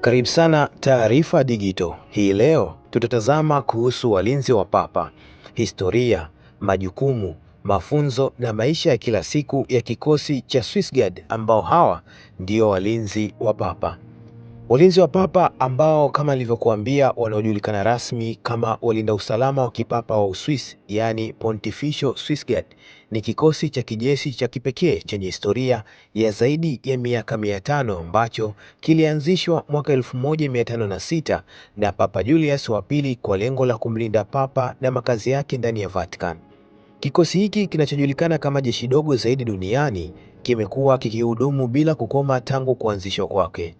Karibu sana Taarifa Digital. Hii leo tutatazama kuhusu walinzi wa Papa, historia, majukumu, mafunzo na maisha ya kila siku ya kikosi cha Swiss Guard ambao hawa ndio walinzi wa Papa. Walinzi wa Papa ambao kama nilivyokuambia wanaojulikana rasmi kama walinda usalama wa kipapa wa Uswisi, yaani pontificio Swiss Guard, ni kikosi cha kijeshi cha kipekee chenye historia ya zaidi ya miaka mia tano ambacho kilianzishwa mwaka 1506 na Papa Julius wa pili kwa lengo la kumlinda Papa na makazi yake ndani ya Vatican. Kikosi hiki kinachojulikana kama jeshi dogo zaidi duniani kimekuwa kikihudumu bila kukoma tangu kuanzishwa kwake.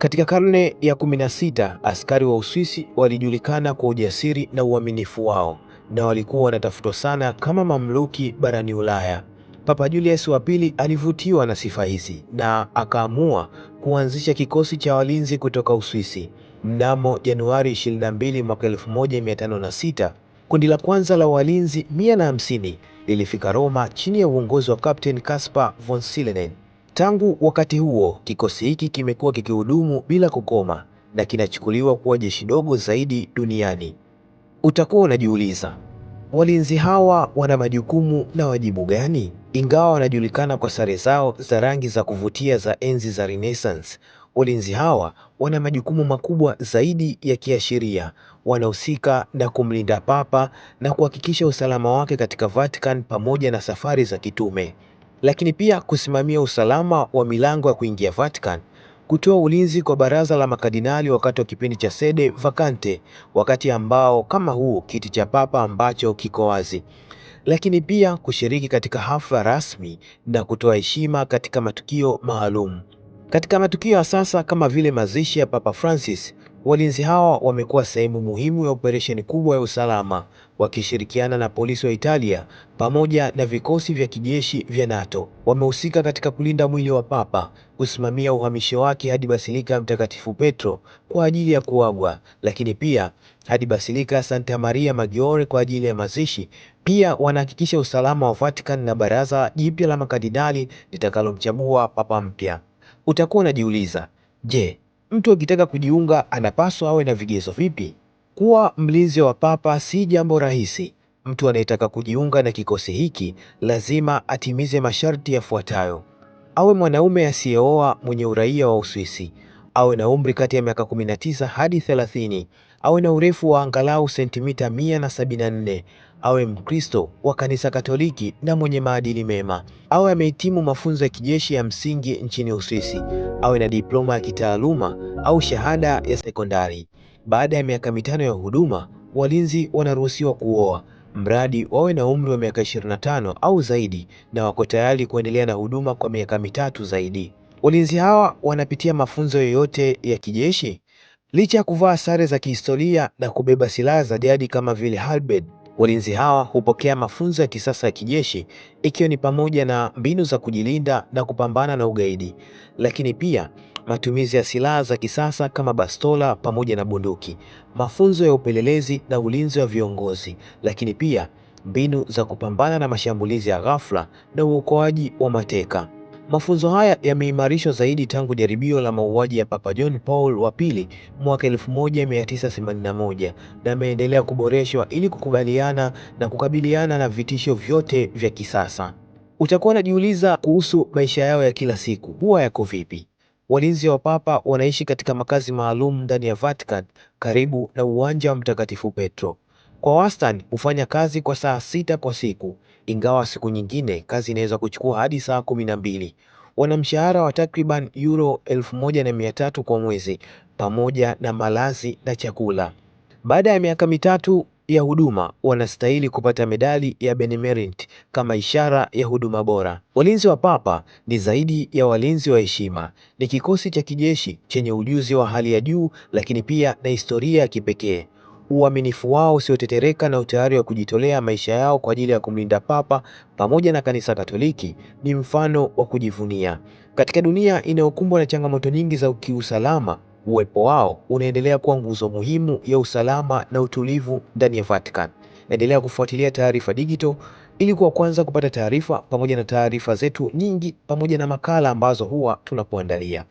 Katika karne ya 16 askari wa Uswisi walijulikana kwa ujasiri na uaminifu wao na walikuwa wanatafutwa sana kama mamluki barani Ulaya. Papa Julius wa pili alivutiwa na sifa hizi na akaamua kuanzisha kikosi cha walinzi kutoka Uswisi. Mnamo Januari 22 mwaka 1506, kundi la kwanza la walinzi 150 lilifika Roma chini ya uongozi wa Captain Caspar von Silenen. Tangu wakati huo kikosi hiki kimekuwa kikihudumu bila kukoma na kinachukuliwa kuwa jeshi dogo zaidi duniani. Utakuwa unajiuliza walinzi hawa wana majukumu na wajibu gani? Ingawa wanajulikana kwa sare zao za rangi za kuvutia za enzi za Renaissance, walinzi hawa wana majukumu makubwa zaidi ya kiashiria. Wanahusika na kumlinda Papa na kuhakikisha usalama wake katika Vatican pamoja na safari za kitume lakini pia kusimamia usalama wa milango ya kuingia Vatican, kutoa ulinzi kwa baraza la makadinali wakati wa kipindi cha sede vacante, wakati ambao kama huu kiti cha papa ambacho kiko wazi, lakini pia kushiriki katika hafla rasmi na kutoa heshima katika matukio maalum. Katika matukio ya sasa kama vile mazishi ya Papa Francis, Walinzi hawa wamekuwa sehemu muhimu ya operesheni kubwa ya usalama wakishirikiana na polisi wa Italia pamoja na vikosi vya kijeshi vya NATO. Wamehusika katika kulinda mwili wa Papa, kusimamia uhamisho wake hadi Basilika ya Mtakatifu Petro kwa ajili ya kuagwa, lakini pia hadi Basilika ya Santa Maria Maggiore kwa ajili ya mazishi. Pia wanahakikisha usalama wa Vatican na baraza jipya la makardinali litakalomchagua Papa mpya. Utakuwa unajiuliza, je, Mtu akitaka kujiunga anapaswa awe na vigezo vipi? Kuwa mlinzi wa Papa si jambo rahisi. Mtu anayetaka kujiunga na kikosi hiki lazima atimize masharti yafuatayo: awe mwanaume asiyeoa mwenye uraia wa Uswisi, awe na umri kati ya miaka 19 hadi 30, awe na urefu wa angalau sentimita 174, awe Mkristo wa Kanisa Katoliki na mwenye maadili mema, awe amehitimu mafunzo ya kijeshi ya msingi nchini Uswisi awe na diploma ya kitaaluma au shahada ya sekondari. Baada ya miaka mitano ya huduma, walinzi wanaruhusiwa kuoa mradi wawe na umri wa miaka 25 au zaidi na wako tayari kuendelea na huduma kwa miaka mitatu zaidi. Walinzi hawa wanapitia mafunzo yoyote ya kijeshi licha ya kuvaa sare za kihistoria na kubeba silaha za jadi kama vile halberd. Walinzi hawa hupokea mafunzo ya kisasa ya kijeshi ikiwa ni pamoja na mbinu za kujilinda na kupambana na ugaidi, lakini pia matumizi ya silaha za kisasa kama bastola pamoja na bunduki, mafunzo ya upelelezi na ulinzi wa viongozi, lakini pia mbinu za kupambana na mashambulizi ya ghafla na uokoaji wa mateka. Mafunzo haya yameimarishwa zaidi tangu jaribio la mauaji ya Papa John Paul wa pili mwaka 1981 na yameendelea kuboreshwa ili kukubaliana na kukabiliana na vitisho vyote vya kisasa. Utakuwa unajiuliza kuhusu maisha yao ya kila siku, huwa yako vipi? Walinzi wa Papa wanaishi katika makazi maalum ndani ya Vatican karibu na uwanja wa Mtakatifu Petro. Kwa wastani hufanya kazi kwa saa sita kwa siku, ingawa siku nyingine kazi inaweza kuchukua hadi saa kumi na mbili. Wana mshahara wa takriban euro elfu moja na mia tatu kwa mwezi pamoja na malazi na chakula. Baada ya miaka mitatu ya huduma wanastahili kupata medali ya Benemerit kama ishara ya huduma bora. Walinzi wa Papa ni zaidi ya walinzi wa heshima, ni kikosi cha kijeshi chenye ujuzi wa hali ya juu, lakini pia na historia ya kipekee uaminifu wao usiotetereka na utayari wa kujitolea maisha yao kwa ajili ya kumlinda Papa pamoja na Kanisa Katoliki ni mfano wa kujivunia. Katika dunia inayokumbwa na changamoto nyingi za kiusalama, uwepo wao unaendelea kuwa nguzo muhimu ya usalama na utulivu ndani ya Vatican. Endelea kufuatilia Taarifa Digital ili kuwa kwanza kupata taarifa pamoja na taarifa zetu nyingi pamoja na makala ambazo huwa tunakuandalia.